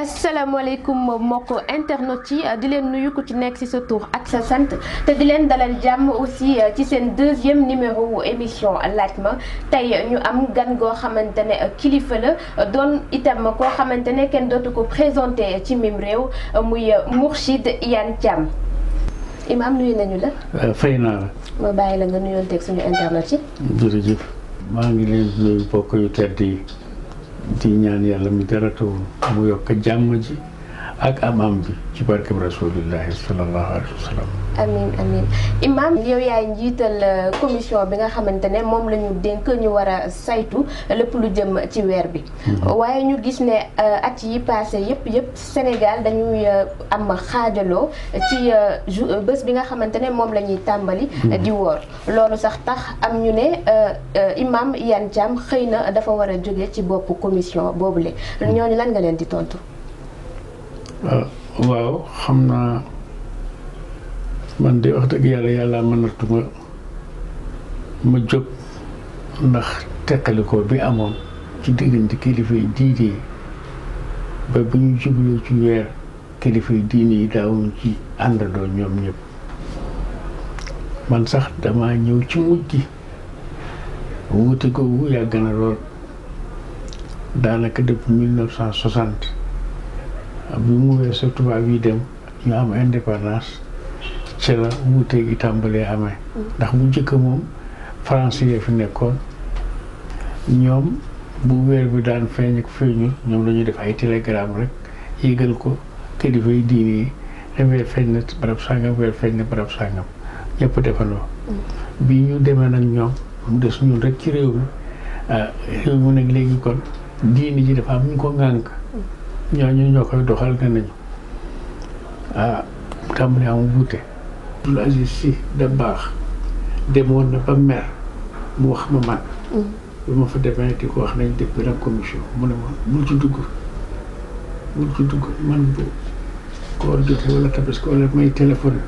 asalaamaaleykum mbokk internet yi di leen nuyu ku ci nekk si sa tur ak sa sant te di leen dalal jàmm aussi eh, ci seen deuxième numéro wu émission laaj ma tey ñu am gan goo xamante ne eh, kilifa la eh, doon itam koo xamante ne kenn dootu ko présenté ci mim réew muy Mourchid yan Thiam. Imaam nuyu nañu la. Euh, fay naa la. ma bàyyi la nga nuyoonteeg suñu internet yi. jërëjëf maa ngi leen nuyu mbokk yu tedd yi. di ñaan yàlla mi dara tawul mu yokk jàmm ji ak am am bi ci barkeb rasulillahi sallallahu alayhi wa sallam amin amin imam yow yaay njiital euh, commission bi nga xamante ne moom la ñu dénk ñu war a saytu lépp lu jëm ci weer bi mhm. waaye ñu gis ne euh, at yi passé yëpp yëpp Sénégal dañuy euh, am xaajaloo ci bés bi nga xamante ne moom la ñuy tàmbali mhm. di woor loolu sax tax am ñu ne imam yan Thiam xëy na dafa war a jóge ci bopp commission boobu boobule mhm. ñooñu lan nga leen di tontu waaw xam naa man de wax dëgg yàlla yàlla mënatuma ma jóg ndax teqalikoo bi amoon ci diggante kilifa yi diine ba bu ñu jubloo ci weer kilifa yi diine yi daawuñ ci àndandoo ñoom ñëpp man sax dama ñëw ci mujj gi wuute googu yàgg na lool daanaka depuis mille neuf cent soixante bi mu weesoo tubaab yi dem ñu am indépendance ci la wuute gi tàmbalee amee mm. ndax bu njëkk moom France yi fi nekkoon ñoom bu weer bi daan feeñ ak feeñul ñoom la def ay télégramme rek yëgal ko kilifa yi diine yi ne weer feeñ na barab sàngam weer feeñ mm. bi ñu demee nag ñoom mu rek ci réew mi ah, léegi kon diine ji dafa am ñu ko ŋànk mm. ñooñu ñoo koy doxal ne nañu ah am wuute Abdoul Aziz Sy Dabakh demoon na ba mer mu wax ma man mm-hmm. bi ma fa demee di ko wax nañ def benn commission mu ne ma bul ci dugg bul ci dugg man bu koor jotee wala tabaski may téléphone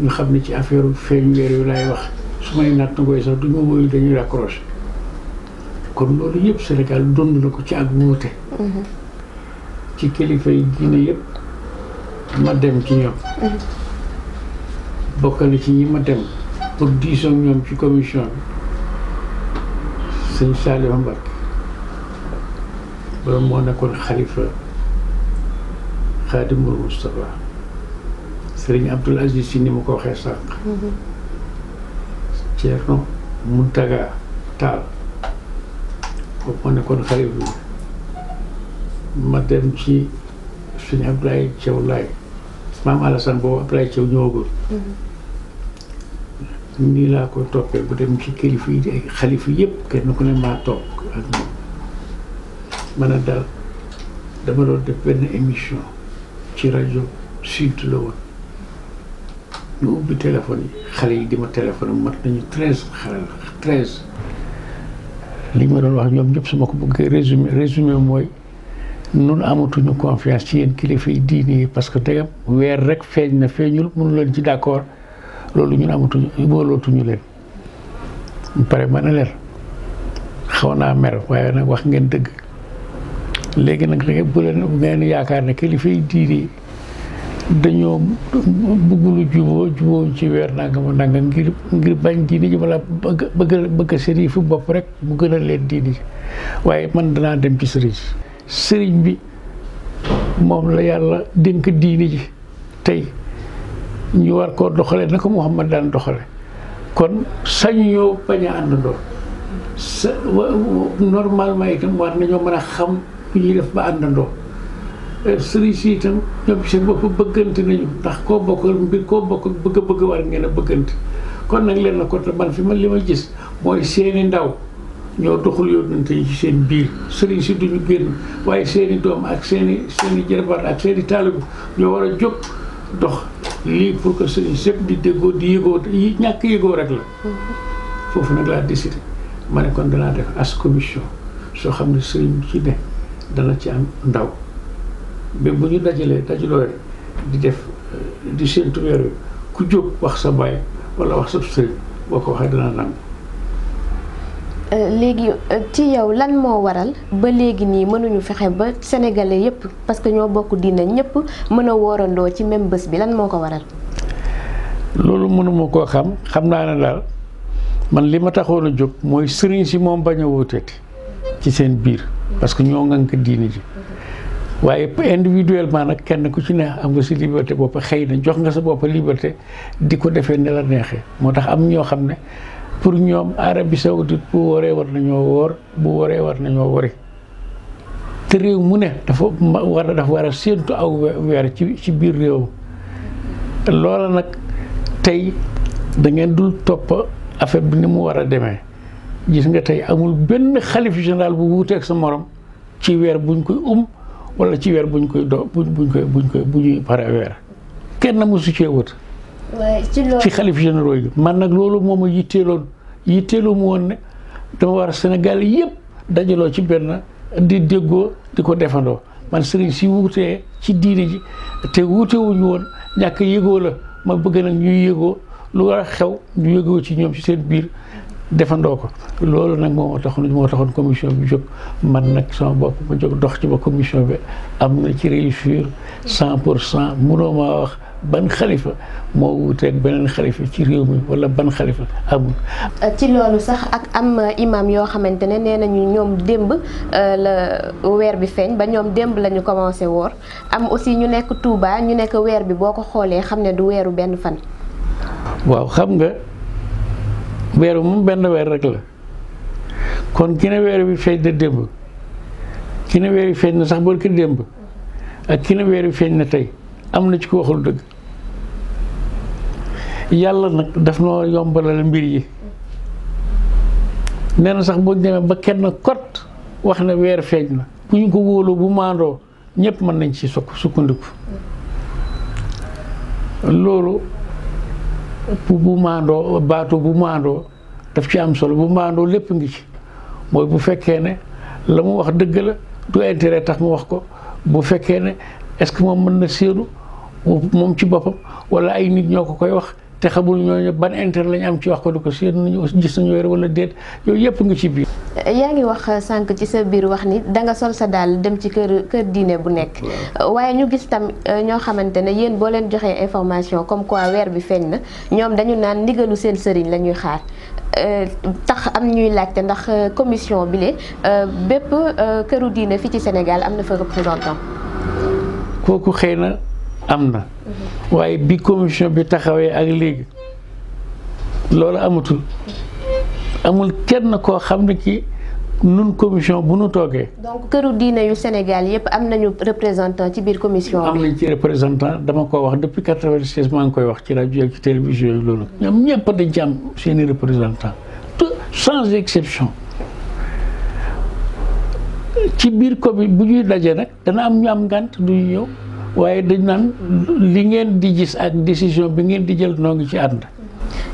ñu xam ne ci affaire feeñ weer yu lay wax su may naat na koy sax du ma woyu dañuy raccroché kon loolu yëpp senegal dund na ko ci ak wuute mm-hmm. ci kilifa yi diine yëpp ma dem ci ñoom mm-hmm. bokk na ci ñi ma dem pour diisoo ñoom ci commission bi sëñ Saliou Mbacké loolu moo nekkoon xalifa xaadimul Moustapha sëriñ Abdoul Aziz si ni ma ko waxee sànq mm-hmm. Ceerno Muntaga Taal boobu moo nekkoon xalifa bi ma dem ci suñu Abdoulaye Thiaw Laay maam Alassane boobu Abdoulaye Thiaw ñëwagul mm-hmm. nii laa ko toppee bu dem ci kilifa yi ay xalifa yëpp kenn ku ne maa toog ak moom man a daal dama doon def benn émission ci rajo sud la woon ñu ubbi téléphone yi xale yi di ma téléphone mat nañu treize xale la treize li ma doon wax ñoom ñëpp su ma ko bëggee résumé résumé mooy nun amatuñu confiance ci yéen kilifa yi diine yi parce que tegam weer rek feeñ na feeñul mënu leen ci d'accord loolu ñun amatuñu boolootuñu leen pare mën a leen xaw naa mer waaye nag wax ngeen dëgg léegi nag da bu leen ngeen yaakaar ne kilifa yi diine dañoo buggulu juboo juboo ci weer nangam nangam ngir ngir bañ diine ji wala bëgg bëgg sëriñ fi bopp rek mu gën leen diine ji waaye man danaa dem ci sëriñ sëriñ bi moom la yàlla dénk diine ji tey ñu war koo doxalee na ko Muhammad daan doxale kon sañu ñoo bañ a àndandoo sa normalement itam war nañoo mën a xam lu ñuy def ba àndandoo sëriñ si itam bopp bëggante nañu ndax koo bokk koo bokk bëgg bëgg war ngeen kon nag leen na ko te man fi li ma gis mooy seeni ndaw ñoo doxul yónnante seen biir sëriñ si duñu génn waaye seeni doom ak seeni seeni jarbaat ak seeni taalibu ñoo war a jóg dox lii pour que sëriñ sëpp di déggoo di yëgoo ñàkk yëgoo rek la foofu nag laa décidé ma ne kon danaa def as commission soo xam ne sëriñ ci ne dana ci am ndaw ba bu ñu dajalee dajaloo di def di seen weer ku jóg wax sa baay wala wax sa sëriñ boo ko waxee dana nangu Euh, léegi euh, ci yow lan moo waral ba léegi nii mënuñu fexe ba sénégalais yépp parce que ñoo bokk diine ñépp mën a woorandoo ci même bés bi lan moo ko waral. loolu mënuma koo xam xam naa ne daal man li ma taxoon a jóg mooy sëriñ si moom bañ a wóoteeti ci seen biir parce que ñoo ngànk diine ji waaye individuellement nag kenn ku ci neex am nga si liberté bopp xëy na jox nga sa bopp liberté di ko defee ne la neexee moo tax am ñoo xam ne. pour ñoom Arabie Saoudite bu wooree war nañoo woor bu wooree war nañoo wori te réew mu ne dafa war dafa war a séentu aw weer ci ci biir réew loola nag tey da ngeen dul topp affaire bi ni mu war a demee gis nga tey amul benn xalif général bu wuuteeg sa morom ci weer buñ koy um wala ci weer buñ koy do buñ koy buñ koy bu ñuy pare weer kenn musu cee wut ci xalif généraux yi man nag loolu moom a yitteeloon yitteelu mu woon ne dama war a Sénégal yëpp dajaloo ci benn di déggoo di ko defandoo man sëriñ si wuutee ci diine ji te wuute woon ñàkk yëgoo la ma bëgg nag ñuy yëgoo lu war a xew ñu yëgoo ci ñoom ci seen biir defandoo ko loolu nag moom moo taxoon moo taxoon commission bi jóg man nag sama bopp ma jóg dox ci ba commission bi am na ci réussir cent pour cent mënoo maa wax ban xalifa moo wuuteeg beneen xalifa ci réew mi wala ban xalifa amul. ci loolu sax ak am imaam yoo xamante ne nee nañu ñoom démb euh, la weer bi feeñ ba ñoom démb la ñu commencé woor am aussi ñu nekk tuubaa ñu nekk weer bi boo ko xoolee xam ne du weeru benn fan. waaw xam nga. weer bi moom benn weer rek la kon ki ne weer bi feeñ na démb ki ne weer bi feeñ na sax barki démb ak ki ne weer bi feeñ na tey am na ci ko waxul dëgg yàlla nag daf noo yombalal mbir yi nee sax boo demee ba kenn kot wax ne weer feeñ na ku ñu ko wóoloo bu maandoo ñëpp mën nañ ci sukk sukkandiku loolu bu bu maandoo baatu bu maandoo daf ci am solo bu maandoo lépp ngi ci mooy bu fekkee ne la mu wax dëgg la du intérêt tax mu wax ko bu fekkee ne est-ce que moom mën na séenu moom ci boppam wala ay nit ñoo ko koy wax te xamul ñooñu ban intérêt lañu am ci wax ko di ko séenu nañu gis nañu wér wala déet yooyu yëpp ngi ci biir. yaa ngi wax sànq ci sa biir wax ni danga sol sa daal dem ci kër kër diine bu nekk. waaye ñu gis tam euh, ñoo xamante ne yéen boo leen joxee information comme quoi weer bi feeñ na ñoom dañu naan ndigalu seen sëriñ lañuy xaar. Euh, tax am ñuy laajte ndax euh, commission bi le bépp këru diine fi ci Sénégal am na fa représentant. kooku xëy na am na. Mhm. waaye bi commission bi taxawee ak léegi loolu amatul. amul kenn koo xam ne ci nun commission bu nu toogee. donc këru diine yu Sénégal yëpp am nañu représentant ci biir commission bi. am nañ ci représentant dama ko wax depuis quatre-vingt-seize maa ngi koy wax ci rajo ak ci télévision yi loolu. ñoom ñëpp dañ ci am seeni représentant tout sans exception ci biir commune bu ñuy daje nag dana am ñu am ngànt du ñu ñëw waaye dañ naan li ngeen di gis ak décision bi ngeen di jël noo ngi ci ànd.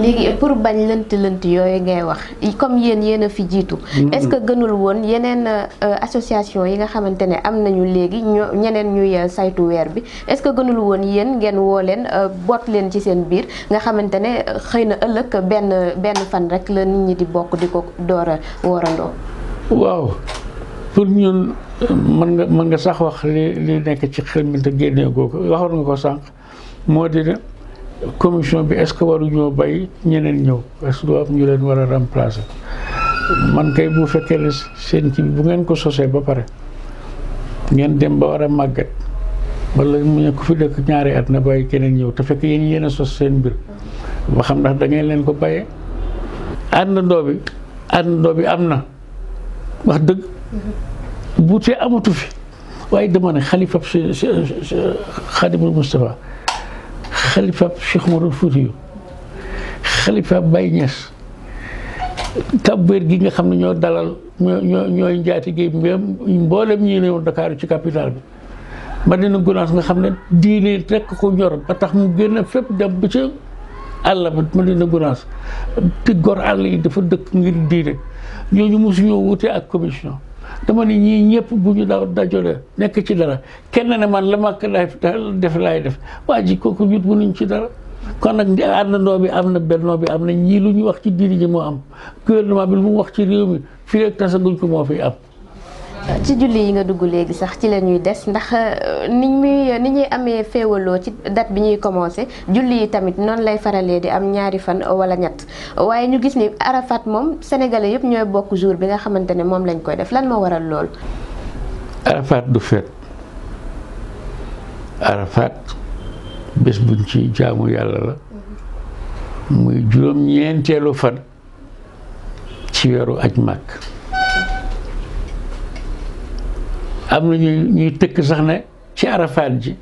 léegi pour bañ lënt lënt yooyu ngay wax comme yéen yéen a fi jiitu. Mm-hmm. est-ce que gënul woon yeneen euh, association yi nga xamante ne am nañu léegi ñoo ñeneen ñuy euh, saytu weer bi est-ce que gënul woon yéen ngeen woo leen euh, boot leen ci seen biir nga xamante ne xëy na ëllëg benn benn fan rek la nit ñi di bokk di ko door a woorandoo. waaw pour ñun mën nga mën nga sax wax li li nekk ci xel mi te génnee googu waxoon nga ko sànq moo di ne commission bi est-ce que waruñoo bàyyi ñeneen ñëw est-ce que du am ñu leen war a remplacer man kay bu fekkee ne seen kii bu ngeen ko sosee ba pare ngeen dem ba war a màggat wala mu ne ku fi dëkk ñaari at na bàyyi keneen ñëw te fekk yéen yéen a sos seen mbir ba xam ndax da leen ko bàyyee àndandoo bi àndandoo bi am na wax dëgg buutee mhm. amatu fi waaye dama xalifa xalifab si si Mustapha xalifaab Cheikh Moro Fuutiyu xalifaab Baye Niass kàbbeer gi nga xam ne ñoo dalal ñoo ñoo ñooy njaati gi mboolem ñi néew Dakar ci capital bi Madina Gunaas nga xam ne diine rekk ko ñor ba tax mu génn fépp dem ba ca àll ba Madina Gunaas te gor àll yi dafa dëkk ngir diine ñooñu mosuñoo wute ak commission dama ni ñii ñëpp bu ñu daaw dajale nekk ci dara kenn ne man la ma def laay def waa ji kooku ñun mënuñ ci dara. kon nag àndandoo bi am na bennoo bi am na ñii lu ñuy wax ci diini ji moo am gouvernement bi lu mu wax ci réew mi fii rek tasaguñ ko moo fi am. ci julli yi nga dugg léegi sax ci la ñuy des ndax euh, ni muy ni ñuy amee féewaloo ci date bi ñuy commencé julli yi tamit noonu lay faralee di am ñaari fan wala ñett waaye ñu gis ni Arafat moom sénégalais yëpp ñooy bokk jour bi nga xamante ne moom lañ koy def lan moo waral loolu. Arafat du feet Arafat bés buñ ci jaamu yàlla la muy juróom ñeenteelu fan ci weeru aj màkk am na ñuy ñuy tëkk sax ne ci arafaat ji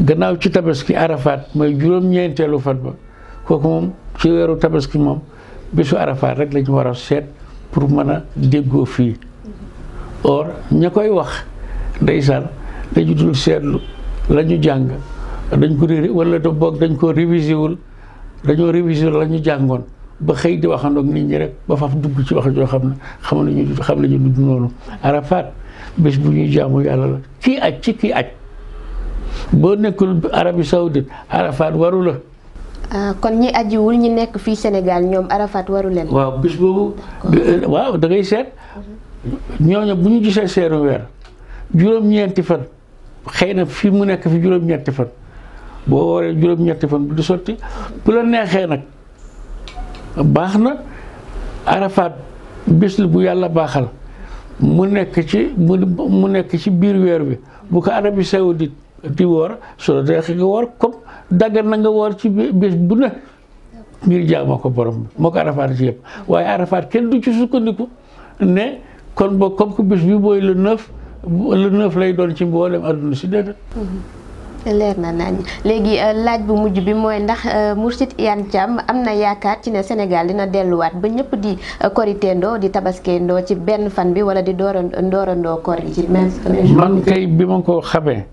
gannaaw ci tabaski arafaat mooy juróom-ñeenteelu fan ba kooku moom ci weeru tabaski moom bésu arafaat rek la ñu war a seet pour mën a déggoo fii or ña koy wax ndeysaan dañu dul seetlu la ñu jàng dañ ko réeré wala da boog dañ ko révisé wul dañoo révisé wul la ñu jàngoon ba xëy di waxandook nit ñi rek ba faf dugg ci wax joo xam ne xam nañu xam nañu dugg arafaat bés bu ñuy jaamu yàlla la kii aj ci kii aj boo nekkul Arabie Saoudite Arafat warula ah, kon ñi ajiwul ñi nekk fii Sénégal ñoom Arafat waru leen. waaw bis boobu. waaw da seet. ñooñu bu ñu jisee seenu weer juróom-ñeenti fan xëy na fi mu nekk fi juróom-ñetti fan boo waree juróom-ñetti fan du sotti bu la neexee nag baax na Arafat bis la bu yàlla baaxal. mu nekk ci mu nekk ci biir weer bi bu ko Arabie Saoudite di woor su la deexee nga woor comme daggan na nga woor ci bés bu ne ngir jaamoo ko borom bi moo ko Arafat ci yëpp waaye Arafat kenn du ci sukkandiku ne kon ba comme ku bés bi mooy le neuf lay doon ci mboolem adduna si déedéet mhm. leer na nañ léegi euh, laaj bu mujj bi mooy ndax euh, Mourchid Iyane am na yaakaar ci ne senegal dina delluwaat ba ñëpp di euh, ndoo di ndoo ci benn fan bi wala di doorandoo kor yi man kay bi ma ko xamee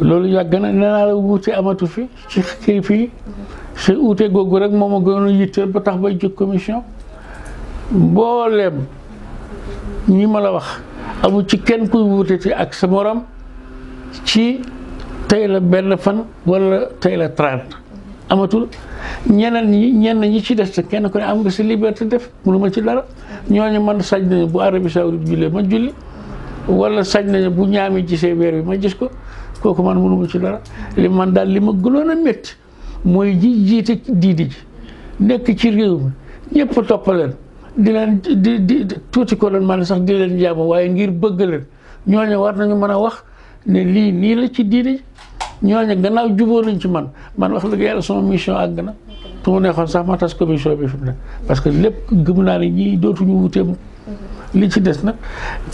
loolu yàgg na nee naa la wuute amatu fi ci kii fii si uute googu rek moom a gënoon yitteel ba tax bay jóg commission mbooleem ñi ma la wax amul ci kenn kuy wuute ak sa morom ci tey la benn fan wala tey la trente amatul ñeneen ñi ñenn ñi ci des kenn ku ne am nga si liberté def mënu ma ci dara ñooñu man sañ nañu bu Arabie Saoudite jullee ma julli wala sañ nañu bu ñaami gisee weer bi ma gis ko kooku man mënu ma ci dara li man daal li ma gënoon a metti mooy ji jiite diidi ji nekk ci réew mi ñëpp toppaleen di leen tuuti ko doon man sax di leen jaamu waaye ngir bëgg leen ñooñu war nañu mën a wax ne lii nii la ci diidi ji ñooñu gannaaw jubóo nañ ci man man wax dëgg yàlla sama mission àgg na su ma neexoon sax ma tas commission bi fi mu ne parce que lépp gëm naa ne ñii dootuñu wutee li ci des nag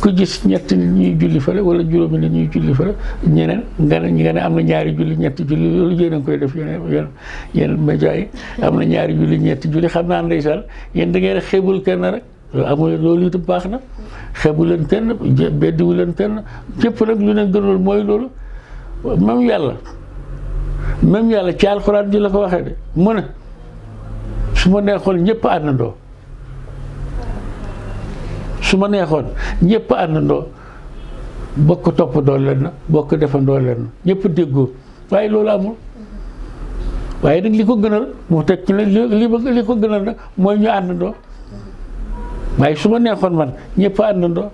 ku gis ñetti nit ñuy julli fële wala juróomi nit ñuy julli fële ñeneen nga ne am na ñaari julli ñetti julli loolu yéen a koy def yeneen yeneen yeneen média yi am na ñaari julli ñetti julli xam naa ndeysaan yéen da ngeen xeebul kenn rek amul loolu itam baax na xeebu leen kenn beddiwu leen kenn képp nag lu ne gënal mooy loolu même yàlla même yàlla ci alxuraan ji la ko waxee de mu ne su ma neexoon ñëpp àndandoo su ma neexoon ñëpp àndandoo bokk toppandoo leen na bokk defandoo leen na ñëpp déggoo waaye loolu amul waaye nag li ko gënal mu teg ci li ko gënal nag mooy ñu àndandoo waaye su ma neexoon man ñëpp àndandoo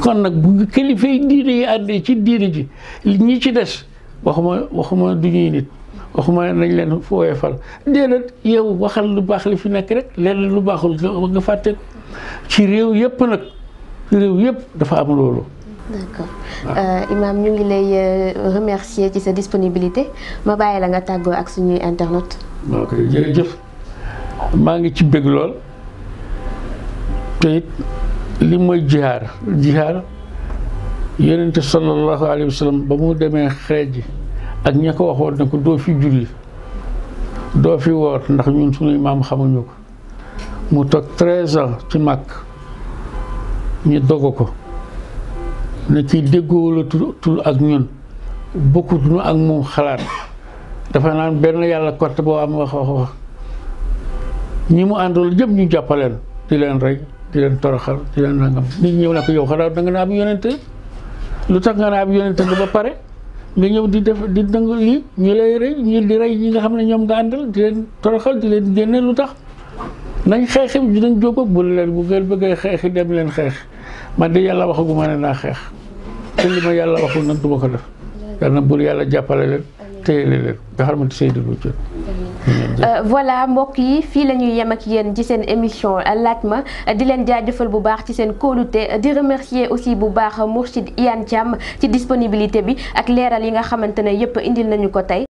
kon nag bu kilifay diine yi àndee ci diine ji ñi ci des waxuma waxuma du ñuy nit waxuma nañ leen foowee fal déedéet yow waxal lu baax li fi nekk rek leneen lu baaxul nga fàtte ci réew yëpp nag réew yëpp dafa am loolu d'accord euh, Imaam ñu ngi lay euh, remercier ci sa disponibilité ma bàyyi la nga tàggoo ak suñuy internet ok maa ngi ci bëgg lool te it li mooy jihaar jihaar yonente sallallahu alayhi wa ba mu demee xeej ak ña ko na ko doo fi julli doo fi woor ndax ñun suñuy maam xamuñu ko mu toog treize ans ci màkk ñu dogu ko ne kii déggoowala tul ak ñun bokkutuñu ak moom xalaat dafa naan benn yàlla korte boo am wax wax wax ñi mu àndal jëm ñu jàppaleen di leen rey di leen toroxal di leen nangam ñëw na ko yow xanaa danga naa ab yonente lu tax nga naa ab yonente nga ba pare nga ñëw di def di dëng lii ñu lay rey ñu di rey ñi nga xam ne ñoom nga àndal di leen toroxal di leen génne lu tax nañ xeexi di nañ jóg ak bu leen bu ngeen bëggee xeexi dem leen xeex man de yàlla waxagu ma naa xeex te li yàlla waxul nag du ma ko def yàlla na bur yàlla jàppale leen téye leen nga xam ne Seydou Diouf. Euh, voilà mbokk yi fii la ñuy yem ak yéen ci seen émission laaj ma di leen jaajëfal bu baax ci seen kóolute di remercier aussi bu baax a Mourchid yan Thiam ci disponibilité bi ak leeral yi nga xamante ne yëpp indil nañu ko tey